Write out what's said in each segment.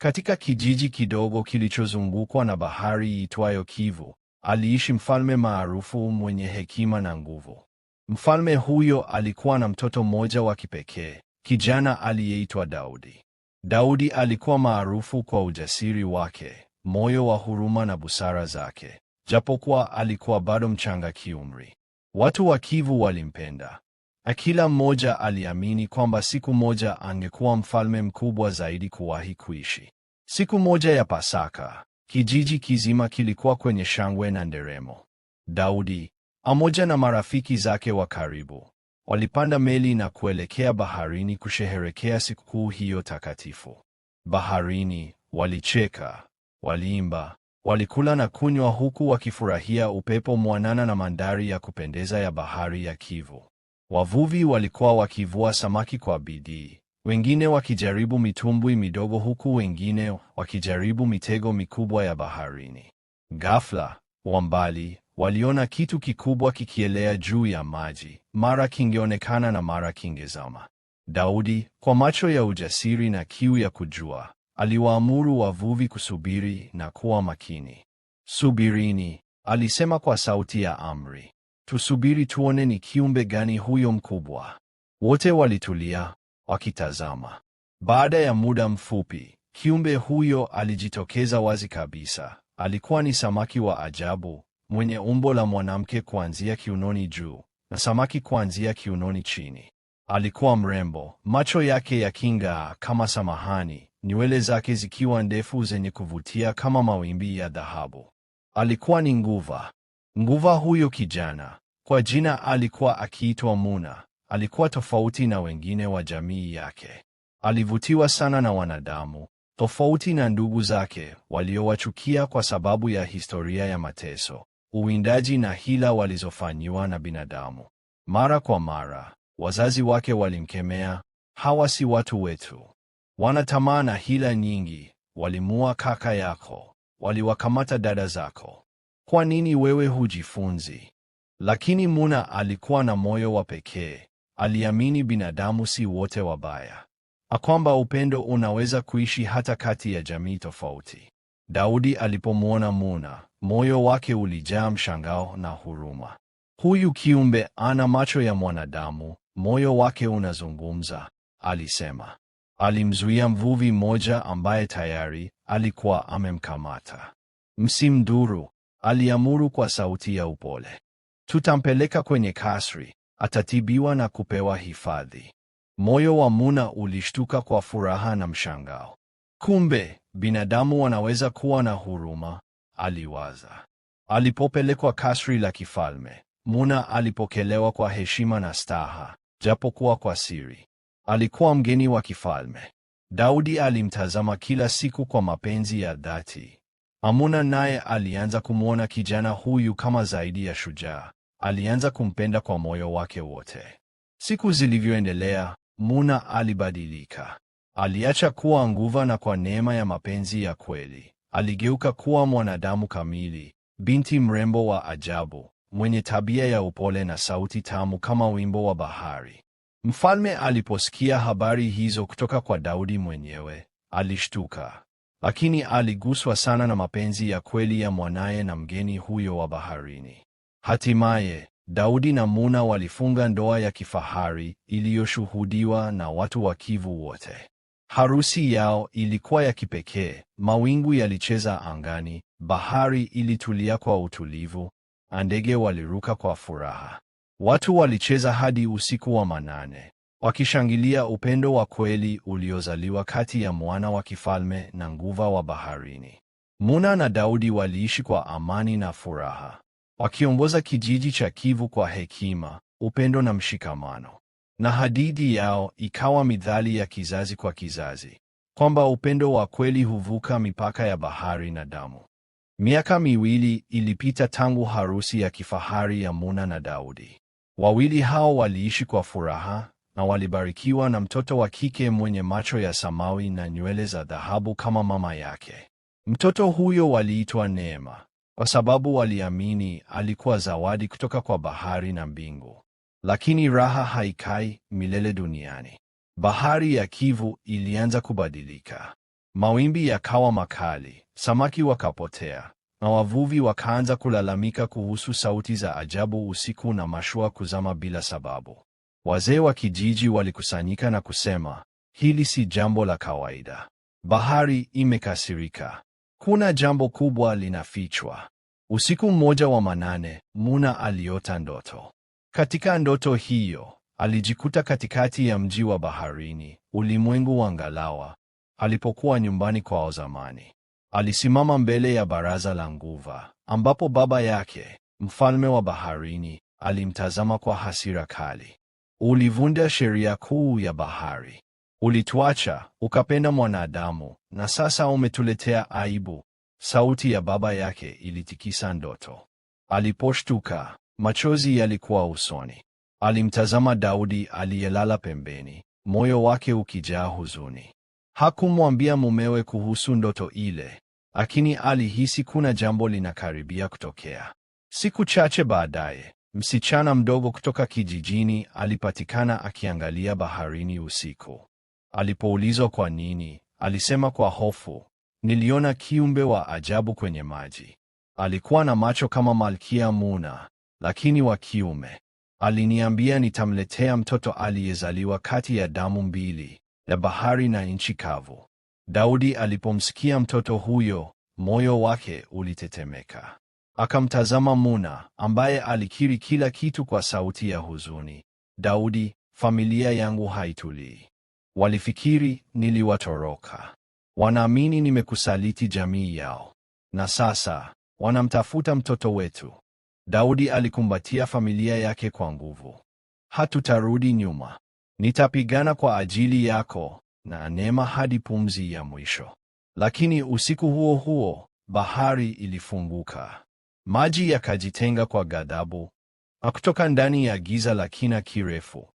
Katika kijiji kidogo kilichozungukwa na bahari iitwayo Kivu, aliishi mfalme maarufu mwenye hekima na nguvu. Mfalme huyo alikuwa na mtoto mmoja wa kipekee, kijana aliyeitwa Daudi. Daudi alikuwa maarufu kwa ujasiri wake, moyo wa huruma na busara zake, japokuwa alikuwa bado mchanga kiumri. Watu wa Kivu walimpenda, na kila mmoja aliamini kwamba siku moja angekuwa mfalme mkubwa zaidi kuwahi kuishi. Siku moja ya Pasaka, kijiji kizima kilikuwa kwenye shangwe na nderemo. Daudi pamoja na marafiki zake wa karibu walipanda meli na kuelekea baharini kusherehekea sikukuu hiyo takatifu. Baharini walicheka, waliimba, walikula na kunywa, huku wakifurahia upepo mwanana na mandhari ya kupendeza ya bahari ya Kivu. Wavuvi walikuwa wakivua samaki kwa bidii, wengine wakijaribu mitumbwi midogo, huku wengine wakijaribu mitego mikubwa ya baharini. Ghafla, wa mbali waliona kitu kikubwa kikielea juu ya maji, mara kingeonekana na mara kingezama. Daudi, kwa macho ya ujasiri na kiu ya kujua, aliwaamuru wavuvi kusubiri na kuwa makini. Subirini, alisema kwa sauti ya amri. Tusubiri tuone ni kiumbe gani huyo mkubwa. Wote walitulia wakitazama. Baada ya muda mfupi, kiumbe huyo alijitokeza wazi kabisa. Alikuwa ni samaki wa ajabu mwenye umbo la mwanamke kuanzia kiunoni juu na samaki kuanzia kiunoni chini. Alikuwa mrembo, macho yake yaking'aa kama samahani, nywele zake zikiwa ndefu zenye kuvutia kama mawimbi ya dhahabu. Alikuwa ni nguva Nguva huyo kijana kwa jina alikuwa akiitwa Muna, alikuwa tofauti na wengine wa jamii yake. Alivutiwa sana na wanadamu, tofauti na ndugu zake waliowachukia kwa sababu ya historia ya mateso, uwindaji na hila walizofanyiwa na binadamu. Mara kwa mara, wazazi wake walimkemea, hawa si watu wetu, wana tamaa na hila nyingi, walimua kaka yako, waliwakamata dada zako, kwa nini wewe hujifunzi? Lakini Muna alikuwa na moyo wa pekee. Aliamini binadamu si wote wabaya, a kwamba upendo unaweza kuishi hata kati ya jamii tofauti. Daudi alipomwona Muna, moyo wake ulijaa mshangao na huruma. Huyu kiumbe ana macho ya mwanadamu, moyo wake unazungumza, alisema. Alimzuia mvuvi mmoja ambaye tayari alikuwa amemkamata. Msimdhuru, aliamuru kwa sauti ya upole, tutampeleka kwenye kasri, atatibiwa na kupewa hifadhi. Moyo wa Muna ulishtuka kwa furaha na mshangao. Kumbe binadamu wanaweza kuwa na huruma, aliwaza. Alipopelekwa kasri la kifalme, Muna alipokelewa kwa heshima na staha, japokuwa kwa siri. Alikuwa mgeni wa kifalme. Daudi alimtazama kila siku kwa mapenzi ya dhati, Amuna naye alianza kumwona kijana huyu kama zaidi ya shujaa. Alianza kumpenda kwa moyo wake wote. Siku zilivyoendelea, Muna alibadilika. Aliacha kuwa nguva na kwa neema ya mapenzi ya kweli, aligeuka kuwa mwanadamu kamili, binti mrembo wa ajabu, mwenye tabia ya upole na sauti tamu kama wimbo wa bahari. Mfalme aliposikia habari hizo kutoka kwa Daudi mwenyewe, alishtuka lakini aliguswa sana na mapenzi ya kweli ya mwanaye na mgeni huyo wa baharini. Hatimaye Daudi na Muna walifunga ndoa ya kifahari iliyoshuhudiwa na watu wa Kivu wote. Harusi yao ilikuwa ya kipekee. Mawingu yalicheza angani, bahari ilitulia kwa utulivu, ndege waliruka kwa furaha. Watu walicheza hadi usiku wa manane wakishangilia upendo wa kweli uliozaliwa kati ya mwana wa kifalme na nguva wa baharini. Muna na Daudi waliishi kwa amani na furaha, wakiongoza kijiji cha Kivu kwa hekima, upendo na mshikamano. Na hadithi yao ikawa midhali ya kizazi kwa kizazi, kwamba upendo wa kweli huvuka mipaka ya bahari na damu. Miaka miwili ilipita tangu harusi ya kifahari ya Muna na Daudi. Wawili hao waliishi kwa furaha, na walibarikiwa na mtoto wa kike mwenye macho ya samawi na nywele za dhahabu kama mama yake. Mtoto huyo waliitwa Neema kwa sababu waliamini alikuwa zawadi kutoka kwa bahari na mbingu. Lakini raha haikai milele duniani. Bahari ya Kivu ilianza kubadilika. Mawimbi yakawa makali, samaki wakapotea, na wavuvi wakaanza kulalamika kuhusu sauti za ajabu usiku na mashua kuzama bila sababu. Wazee wa kijiji walikusanyika na kusema, hili si jambo la kawaida. Bahari imekasirika. Kuna jambo kubwa linafichwa. Usiku mmoja wa manane, Muna aliota ndoto. Katika ndoto hiyo, alijikuta katikati ya mji wa baharini, ulimwengu wa ngalawa, alipokuwa nyumbani kwao zamani. Alisimama mbele ya baraza la nguva, ambapo baba yake, mfalme wa baharini, alimtazama kwa hasira kali. Ulivunja sheria kuu ya bahari, ulituacha ukapenda mwanadamu, na sasa umetuletea aibu. Sauti ya baba yake ilitikisa ndoto. Aliposhtuka, machozi yalikuwa usoni. Alimtazama Daudi aliyelala pembeni, moyo wake ukijaa huzuni. Hakumwambia mumewe kuhusu ndoto ile, lakini alihisi kuna jambo linakaribia kutokea. Siku chache baadaye, Msichana mdogo kutoka kijijini alipatikana akiangalia baharini usiku. Alipoulizwa kwa nini, alisema kwa hofu, niliona kiumbe wa ajabu kwenye maji. Alikuwa na macho kama Malkia Muna, lakini wa kiume. Aliniambia nitamletea mtoto aliyezaliwa kati ya damu mbili, ya bahari na nchi kavu. Daudi alipomsikia mtoto huyo, moyo wake ulitetemeka. Akamtazama Muna, ambaye alikiri kila kitu kwa sauti ya huzuni. Daudi, familia yangu haitulii. Walifikiri niliwatoroka. Wanaamini nimekusaliti jamii yao. Na sasa wanamtafuta mtoto wetu. Daudi alikumbatia familia yake kwa nguvu. Hatutarudi nyuma. Nitapigana kwa ajili yako na neema hadi pumzi ya mwisho. Lakini usiku huo huo bahari ilifunguka. Maji yakajitenga kwa ghadhabu, na kutoka ndani ya giza la kina kirefu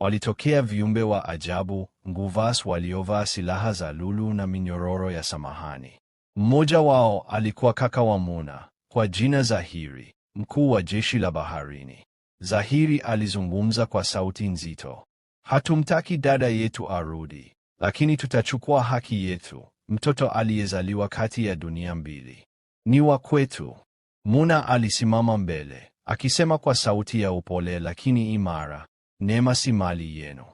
walitokea viumbe wa ajabu, nguvas waliovaa silaha za lulu na minyororo ya samahani. Mmoja wao alikuwa kaka wa Muna kwa jina Zahiri, mkuu wa jeshi la baharini. Zahiri alizungumza kwa sauti nzito, hatumtaki dada yetu arudi, lakini tutachukua haki yetu, mtoto aliyezaliwa kati ya dunia mbili ni wa kwetu. Muna alisimama mbele akisema kwa sauti ya upole lakini imara, neema si mali yenu.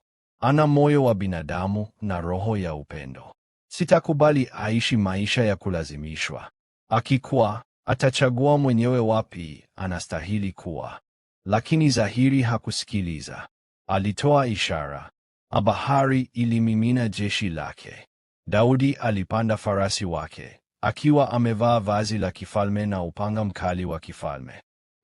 Ana moyo wa binadamu na roho ya upendo. Sitakubali aishi maisha ya kulazimishwa. Akikuwa atachagua mwenyewe wapi anastahili kuwa. Lakini Zahiri hakusikiliza. Alitoa ishara, abahari ilimimina jeshi lake. Daudi alipanda farasi wake akiwa amevaa vazi la kifalme na upanga mkali wa kifalme.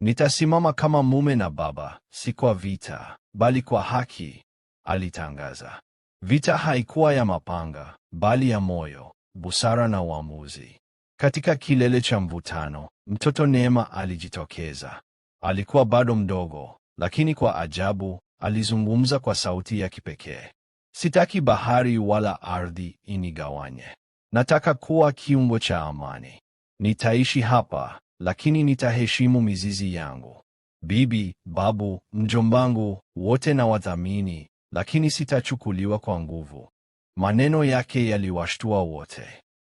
Nitasimama kama mume na baba, si kwa vita, bali kwa haki, alitangaza. Vita haikuwa ya mapanga, bali ya moyo, busara na uamuzi. Katika kilele cha mvutano, mtoto Neema alijitokeza. Alikuwa bado mdogo, lakini kwa ajabu, alizungumza kwa sauti ya kipekee. Sitaki bahari wala ardhi inigawanye. Nataka kuwa kiungo cha amani. Nitaishi hapa, lakini nitaheshimu mizizi yangu. Bibi, babu, mjombangu, wote na wadhamini lakini sitachukuliwa kwa nguvu. Maneno yake yaliwashtua wote.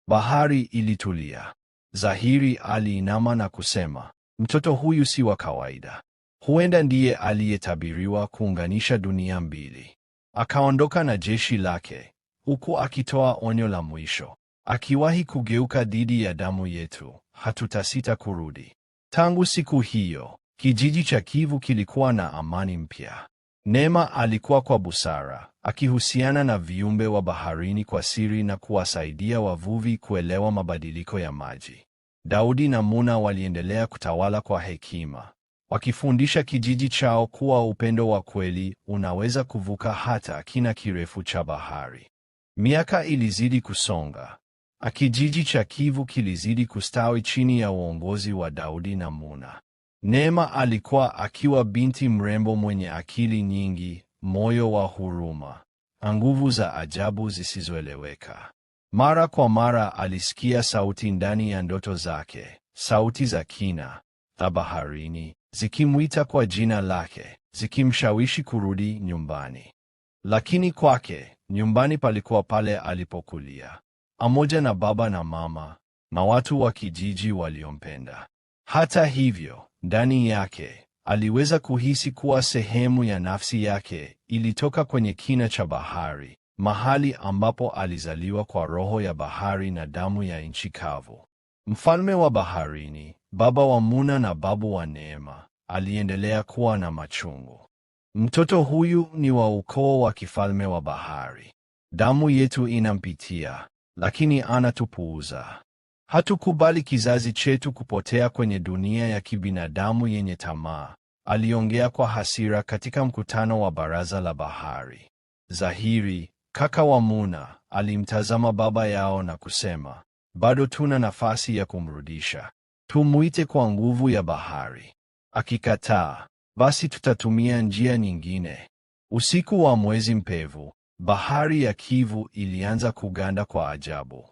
Bahari ilitulia. Zahiri aliinama na kusema, mtoto huyu si wa kawaida, huenda ndiye aliyetabiriwa kuunganisha dunia mbili. Akaondoka na jeshi lake, huku akitoa onyo la mwisho akiwahi kugeuka dhidi ya damu yetu, hatutasita kurudi. Tangu siku hiyo, kijiji cha Kivu kilikuwa na amani mpya. Neema alikuwa kwa busara, akihusiana na viumbe wa baharini kwa siri na kuwasaidia wavuvi kuelewa mabadiliko ya maji. Daudi na Muna waliendelea kutawala kwa hekima, wakifundisha kijiji chao kuwa upendo wa kweli unaweza kuvuka hata kina kirefu cha bahari. Miaka ilizidi kusonga, akijiji cha Kivu kilizidi kustawi chini ya uongozi wa Daudi na Muna. Neema alikuwa akiwa binti mrembo mwenye akili nyingi, moyo wa huruma, na nguvu za ajabu zisizoeleweka. Mara kwa mara alisikia sauti ndani ya ndoto zake, sauti za kina za baharini, zikimwita kwa jina lake, zikimshawishi kurudi nyumbani. Lakini kwake, nyumbani palikuwa pale alipokulia pamoja na baba na mama na watu wa kijiji waliompenda. Hata hivyo, ndani yake aliweza kuhisi kuwa sehemu ya nafsi yake ilitoka kwenye kina cha bahari, mahali ambapo alizaliwa kwa roho ya bahari na damu ya nchi kavu. Mfalme wa baharini, baba wa Muna na babu wa Neema, aliendelea kuwa na machungu. Mtoto huyu ni wa ukoo wa kifalme wa bahari. Damu yetu inampitia, lakini anatupuuza. Hatukubali kizazi chetu kupotea kwenye dunia ya kibinadamu yenye tamaa, aliongea kwa hasira katika mkutano wa baraza la bahari. Zahiri, kaka wa Muna, alimtazama baba yao na kusema, bado tuna nafasi ya kumrudisha. Tumwite kwa nguvu ya bahari. Akikataa, basi tutatumia njia nyingine. Usiku wa mwezi mpevu, Bahari ya Kivu ilianza kuganda kwa ajabu.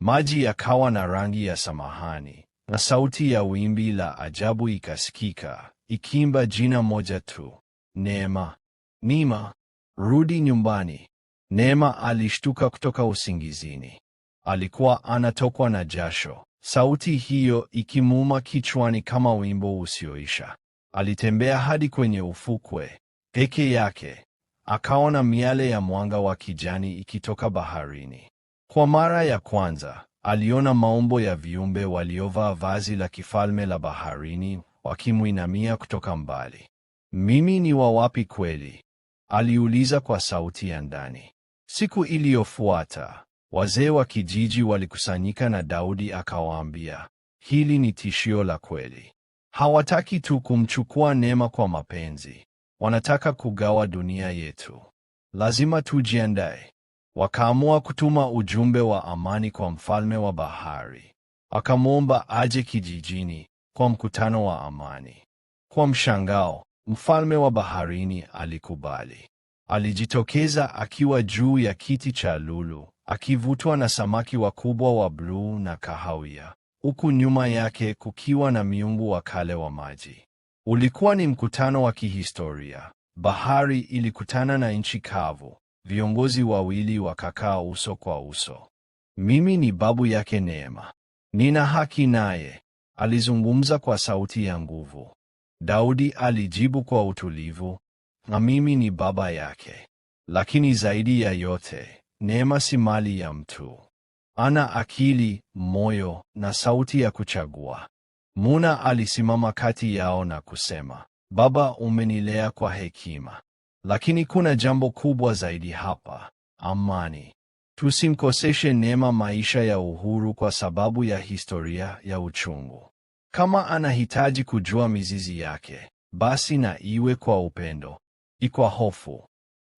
Maji yakawa na rangi ya samahani, na sauti ya wimbi la ajabu ikasikika, ikiimba jina moja tu, Neema. Nima, rudi nyumbani. Neema alishtuka kutoka usingizini. Alikuwa anatokwa na jasho, sauti hiyo ikimuuma kichwani kama wimbo usioisha. Alitembea hadi kwenye ufukwe peke yake, akaona miale ya mwanga wa kijani ikitoka baharini. Kwa mara ya kwanza aliona maumbo ya viumbe waliovaa vazi la kifalme la baharini wakimwinamia kutoka mbali. Mimi ni wa wapi kweli? aliuliza kwa sauti ya ndani. Siku iliyofuata wazee wa kijiji walikusanyika na Daudi akawaambia, hili ni tishio la kweli. Hawataki tu kumchukua Neema kwa mapenzi, wanataka kugawa dunia yetu, lazima tujiandae. Wakaamua kutuma ujumbe wa amani kwa mfalme wa bahari, akamwomba aje kijijini kwa mkutano wa amani. Kwa mshangao, mfalme wa baharini alikubali. Alijitokeza akiwa juu ya kiti cha lulu, akivutwa na samaki wakubwa wa bluu na kahawia, huku nyuma yake kukiwa na miungu wa kale wa maji. Ulikuwa ni mkutano wa kihistoria. Bahari ilikutana na nchi kavu, viongozi wawili wakakaa uso kwa uso. Mimi ni babu yake Neema, nina haki naye, alizungumza kwa sauti ya nguvu. Daudi alijibu kwa utulivu, na mimi ni baba yake, lakini zaidi ya yote, Neema si mali ya mtu, ana akili, moyo na sauti ya kuchagua. Muna alisimama kati yao na kusema, Baba, umenilea kwa hekima, lakini kuna jambo kubwa zaidi hapa, amani. Tusimkoseshe neema maisha ya uhuru kwa sababu ya historia ya uchungu. Kama anahitaji kujua mizizi yake, basi na iwe kwa upendo, ikwa hofu.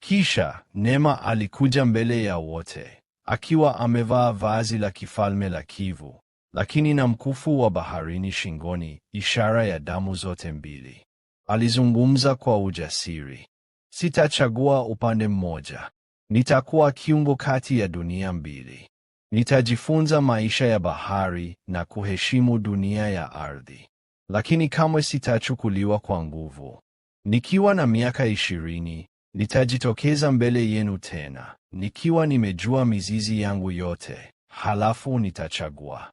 Kisha Neema alikuja mbele ya wote akiwa amevaa vazi la kifalme la kivu lakini na mkufu wa baharini shingoni, ishara ya damu zote mbili. Alizungumza kwa ujasiri, sitachagua upande mmoja, nitakuwa kiungo kati ya dunia mbili, nitajifunza maisha ya bahari na kuheshimu dunia ya ardhi, lakini kamwe sitachukuliwa kwa nguvu. Nikiwa na miaka ishirini nitajitokeza mbele yenu tena, nikiwa nimejua mizizi yangu yote, halafu nitachagua.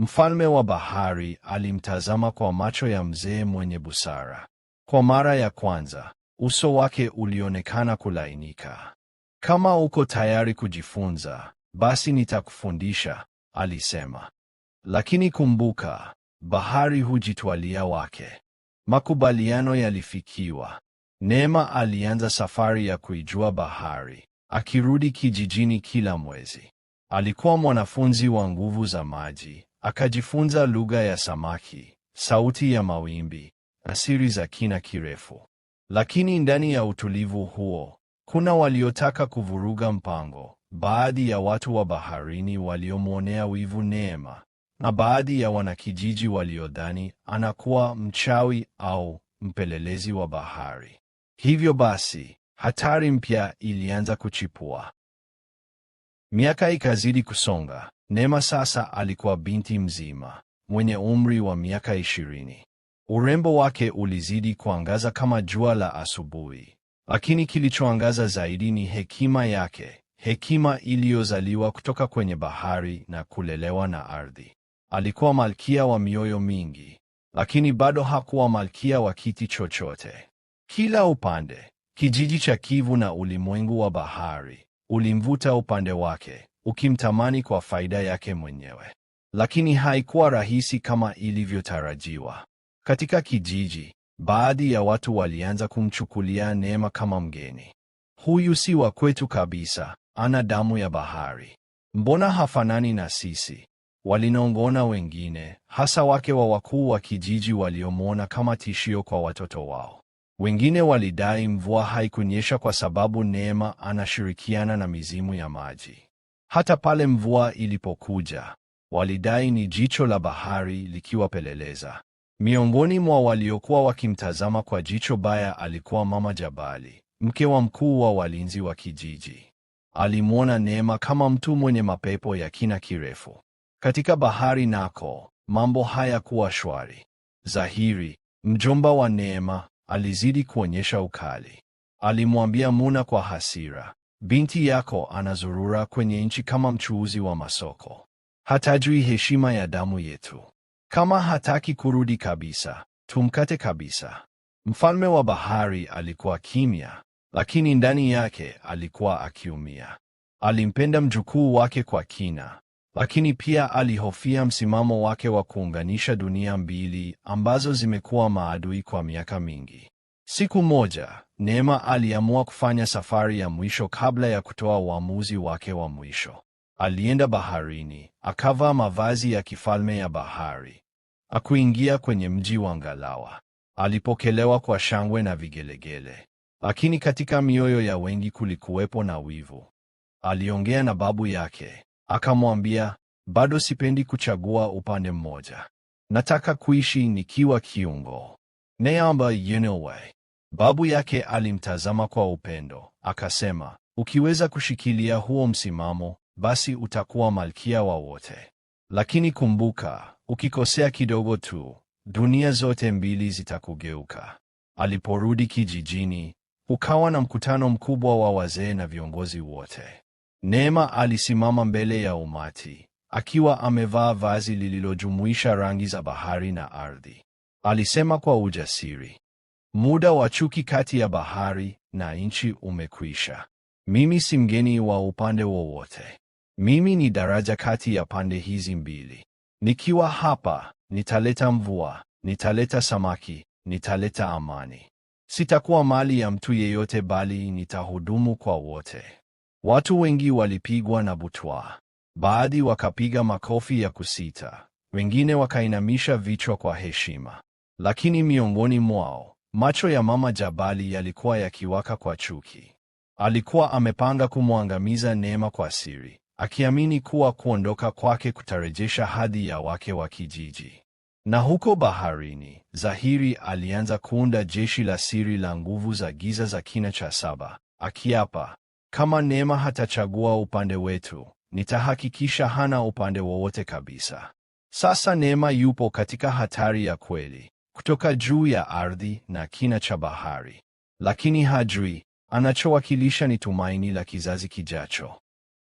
Mfalme wa bahari alimtazama kwa macho ya mzee mwenye busara. Kwa mara ya kwanza, uso wake ulionekana kulainika. Kama uko tayari kujifunza, basi nitakufundisha, alisema. Lakini kumbuka, bahari hujitwalia wake. Makubaliano yalifikiwa. Neema alianza safari ya kuijua bahari, akirudi kijijini kila mwezi. Alikuwa mwanafunzi wa nguvu za maji Akajifunza lugha ya samaki, sauti ya mawimbi na siri za kina kirefu. Lakini ndani ya utulivu huo kuna waliotaka kuvuruga mpango, baadhi ya watu wa baharini waliomwonea wivu Neema na baadhi ya wanakijiji waliodhani anakuwa mchawi au mpelelezi wa bahari. Hivyo basi hatari mpya ilianza kuchipua. Miaka ikazidi kusonga. nema sasa alikuwa binti mzima mwenye umri wa miaka ishirini. Urembo wake ulizidi kuangaza kama jua la asubuhi, lakini kilichoangaza zaidi ni hekima yake, hekima iliyozaliwa kutoka kwenye bahari na kulelewa na ardhi. Alikuwa malkia wa mioyo mingi, lakini bado hakuwa malkia wa kiti chochote. Kila upande, kijiji cha Kivu na ulimwengu wa bahari, ulimvuta upande wake, ukimtamani kwa faida yake mwenyewe. Lakini haikuwa rahisi kama ilivyotarajiwa. Katika kijiji, baadhi ya watu walianza kumchukulia Neema kama mgeni. Huyu si wa kwetu kabisa, ana damu ya bahari. Mbona hafanani na sisi? Walinong'ona wengine, hasa wake wa wakuu wa kijiji waliomwona kama tishio kwa watoto wao. Wengine walidai mvua haikunyesha kwa sababu Neema anashirikiana na mizimu ya maji. Hata pale mvua ilipokuja, walidai ni jicho la bahari likiwapeleleza. Miongoni mwa waliokuwa wakimtazama kwa jicho baya alikuwa Mama Jabali, mke wa mkuu wa walinzi wa kijiji. Alimwona Neema kama mtu mwenye mapepo ya kina kirefu. Katika bahari nako mambo hayakuwa shwari. Zahiri, mjomba wa Neema, Alizidi kuonyesha ukali. Alimwambia Muna kwa hasira, binti yako anazurura kwenye nchi kama mchuuzi wa masoko, hatajui heshima ya damu yetu. Kama hataki kurudi kabisa, tumkate kabisa. Mfalme wa bahari alikuwa kimya, lakini ndani yake alikuwa akiumia. Alimpenda mjukuu wake kwa kina, lakini pia alihofia msimamo wake wa kuunganisha dunia mbili ambazo zimekuwa maadui kwa miaka mingi. Siku moja, Neema aliamua kufanya safari ya mwisho kabla ya kutoa uamuzi wake wa mwisho. Alienda baharini, akavaa mavazi ya kifalme ya bahari, akuingia kwenye mji wa Ngalawa. Alipokelewa kwa shangwe na vigelegele, lakini katika mioyo ya wengi kulikuwepo na wivu. Aliongea na babu yake Akamwambia, bado sipendi kuchagua upande mmoja, nataka kuishi nikiwa kiungo. Neamba Yenewe. Babu yake alimtazama kwa upendo, akasema, ukiweza kushikilia huo msimamo, basi utakuwa malkia wa wote. Lakini kumbuka, ukikosea kidogo tu, dunia zote mbili zitakugeuka. Aliporudi kijijini, ukawa na mkutano mkubwa wa wazee na viongozi wote. Neema alisimama mbele ya umati akiwa amevaa vazi lililojumuisha rangi za bahari na ardhi. Alisema kwa ujasiri, muda wa chuki kati ya bahari na nchi umekwisha. Mimi si mgeni wa upande wowote. Mimi ni daraja kati ya pande hizi mbili. Nikiwa hapa, nitaleta mvua, nitaleta samaki, nitaleta amani. Sitakuwa mali ya mtu yeyote, bali nitahudumu kwa wote. Watu wengi walipigwa na butwa baadhi wakapiga makofi ya kusita, wengine wakainamisha vichwa kwa heshima. Lakini miongoni mwao, macho ya Mama Jabali yalikuwa yakiwaka kwa chuki. Alikuwa amepanga kumwangamiza Neema kwa siri, akiamini kuwa kuondoka kwake kutarejesha hadhi ya wake wa kijiji. Na huko baharini, Zahiri alianza kuunda jeshi la siri la nguvu za giza za kina cha saba, akiapa kama Neema hatachagua upande wetu, nitahakikisha hana upande wowote kabisa. Sasa Neema yupo katika hatari ya kweli, kutoka juu ya ardhi na kina cha bahari, lakini hajui anachowakilisha ni tumaini la kizazi kijacho.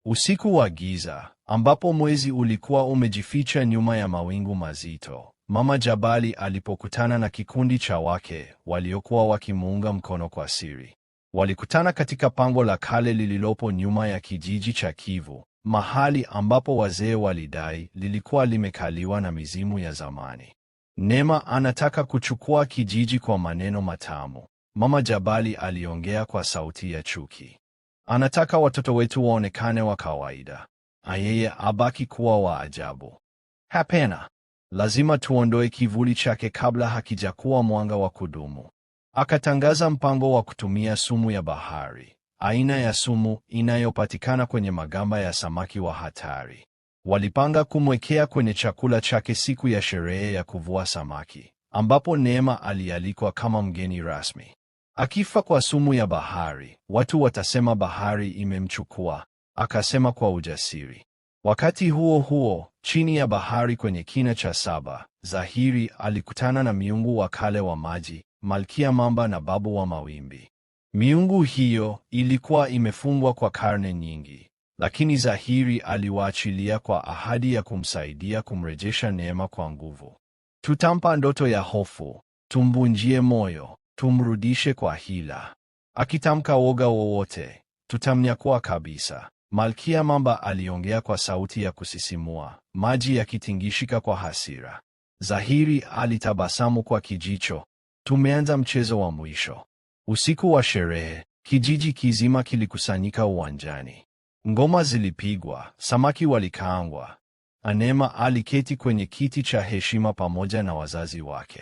Usiku wa giza ambapo mwezi ulikuwa umejificha nyuma ya mawingu mazito, Mama Jabali alipokutana na kikundi cha wake waliokuwa wakimuunga mkono kwa siri. Walikutana katika pango la kale lililopo nyuma ya kijiji cha Kivu, mahali ambapo wazee walidai lilikuwa limekaliwa na mizimu ya zamani. nema anataka kuchukua kijiji kwa maneno matamu. Mama Jabali aliongea kwa sauti ya chuki. Anataka watoto wetu waonekane wa kawaida, ayeye abaki kuwa wa ajabu. Hapana, lazima tuondoe kivuli chake kabla hakijakuwa mwanga wa kudumu. Akatangaza mpango wa kutumia sumu ya bahari, aina ya sumu inayopatikana kwenye magamba ya samaki wa hatari. Walipanga kumwekea kwenye chakula chake siku ya sherehe ya kuvua samaki, ambapo Neema alialikwa kama mgeni rasmi. Akifa kwa sumu ya bahari, watu watasema bahari imemchukua, akasema kwa ujasiri. Wakati huo huo, chini ya bahari kwenye kina cha saba, Zahiri alikutana na miungu wa kale wa maji, malkia mamba na babu wa mawimbi. Miungu hiyo ilikuwa imefungwa kwa karne nyingi, lakini Zahiri aliwaachilia kwa ahadi ya kumsaidia kumrejesha neema kwa nguvu. Tutampa ndoto ya hofu, tumbunjie moyo, tumrudishe kwa hila. Akitamka woga wowote, tutamnyakua kabisa. Malkia Mamba aliongea kwa sauti ya kusisimua, maji yakitingishika kwa hasira. Zahiri alitabasamu kwa kijicho, Tumeanza mchezo wa mwisho. Usiku wa sherehe, kijiji kizima kilikusanyika uwanjani. Ngoma zilipigwa, samaki walikaangwa. Anema aliketi kwenye kiti cha heshima pamoja na wazazi wake.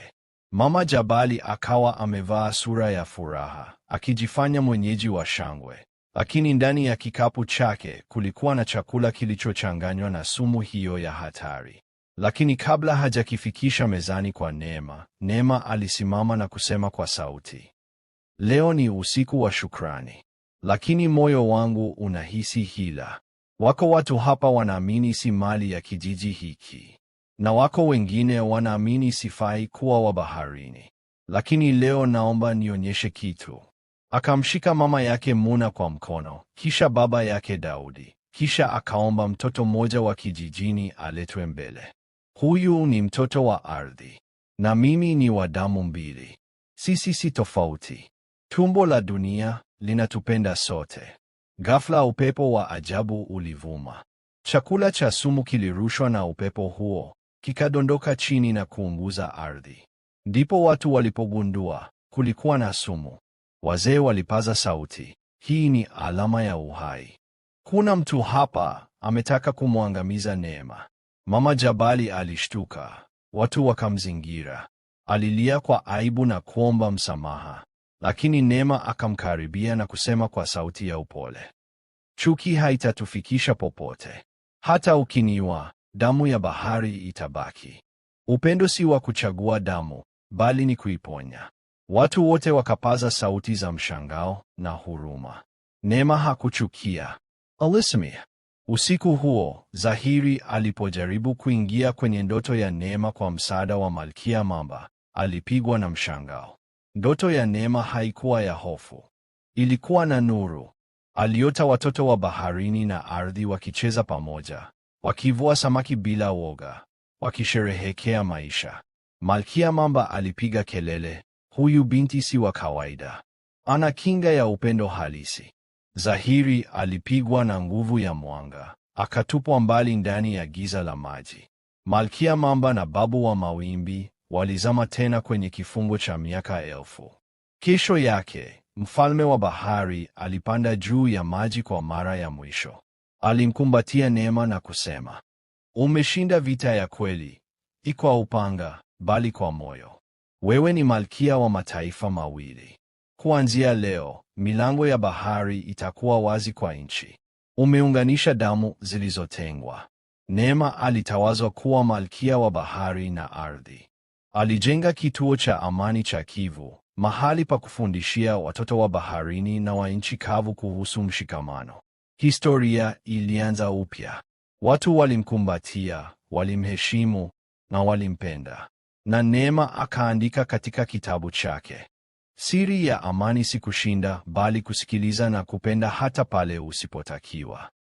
Mama Jabali akawa amevaa sura ya furaha, akijifanya mwenyeji wa shangwe. Lakini ndani ya kikapu chake kulikuwa na chakula kilichochanganywa na sumu hiyo ya hatari. Lakini kabla hajakifikisha mezani kwa Neema, Neema alisimama na kusema kwa sauti, leo ni usiku wa shukrani, lakini moyo wangu unahisi hila. Wako watu hapa wanaamini si mali ya kijiji hiki, na wako wengine wanaamini sifai kuwa wa baharini, lakini leo naomba nionyeshe kitu. Akamshika mama yake Muna kwa mkono, kisha baba yake Daudi, kisha akaomba mtoto mmoja wa kijijini aletwe mbele. Huyu ni mtoto wa ardhi na mimi ni wa damu mbili. Sisi si tofauti. Tumbo la dunia linatupenda sote. Ghafla upepo wa ajabu ulivuma. Chakula cha sumu kilirushwa na upepo huo, kikadondoka chini na kuunguza ardhi. Ndipo watu walipogundua kulikuwa na sumu. Wazee walipaza sauti, hii ni alama ya uhai. Kuna mtu hapa ametaka kumwangamiza Neema. Mama Jabali alishtuka, watu wakamzingira. Alilia kwa aibu na kuomba msamaha, lakini Neema akamkaribia na kusema kwa sauti ya upole, chuki haitatufikisha popote, hata ukiniua, damu ya bahari itabaki. Upendo si wa kuchagua damu, bali ni kuiponya. Watu wote wakapaza sauti za mshangao na huruma. Neema hakuchukia, Alisimia. Usiku huo, Zahiri alipojaribu kuingia kwenye ndoto ya Neema kwa msaada wa Malkia Mamba, alipigwa na mshangao. Ndoto ya Neema haikuwa ya hofu. Ilikuwa na nuru. Aliota watoto wa baharini na ardhi wakicheza pamoja, wakivua samaki bila woga, wakisherehekea maisha. Malkia Mamba alipiga kelele, huyu binti si wa kawaida. Ana kinga ya upendo halisi. Zahiri alipigwa na nguvu ya mwanga, akatupwa mbali ndani ya giza la maji. Malkia Mamba na Babu wa Mawimbi walizama tena kwenye kifungo cha miaka elfu. Kesho yake mfalme wa bahari alipanda juu ya maji kwa mara ya mwisho. Alimkumbatia Neema na kusema, umeshinda vita ya kweli, si kwa upanga, bali kwa moyo. Wewe ni malkia wa mataifa mawili. Kuanzia leo, milango ya bahari itakuwa wazi kwa nchi. Umeunganisha damu zilizotengwa. Neema alitawazwa kuwa malkia wa bahari na ardhi. Alijenga kituo cha amani cha Kivu, mahali pa kufundishia watoto wa baharini na wa nchi kavu kuhusu mshikamano. Historia ilianza upya. Watu walimkumbatia, walimheshimu na walimpenda, na Neema akaandika katika kitabu chake Siri ya amani si kushinda, bali kusikiliza na kupenda hata pale usipotakiwa.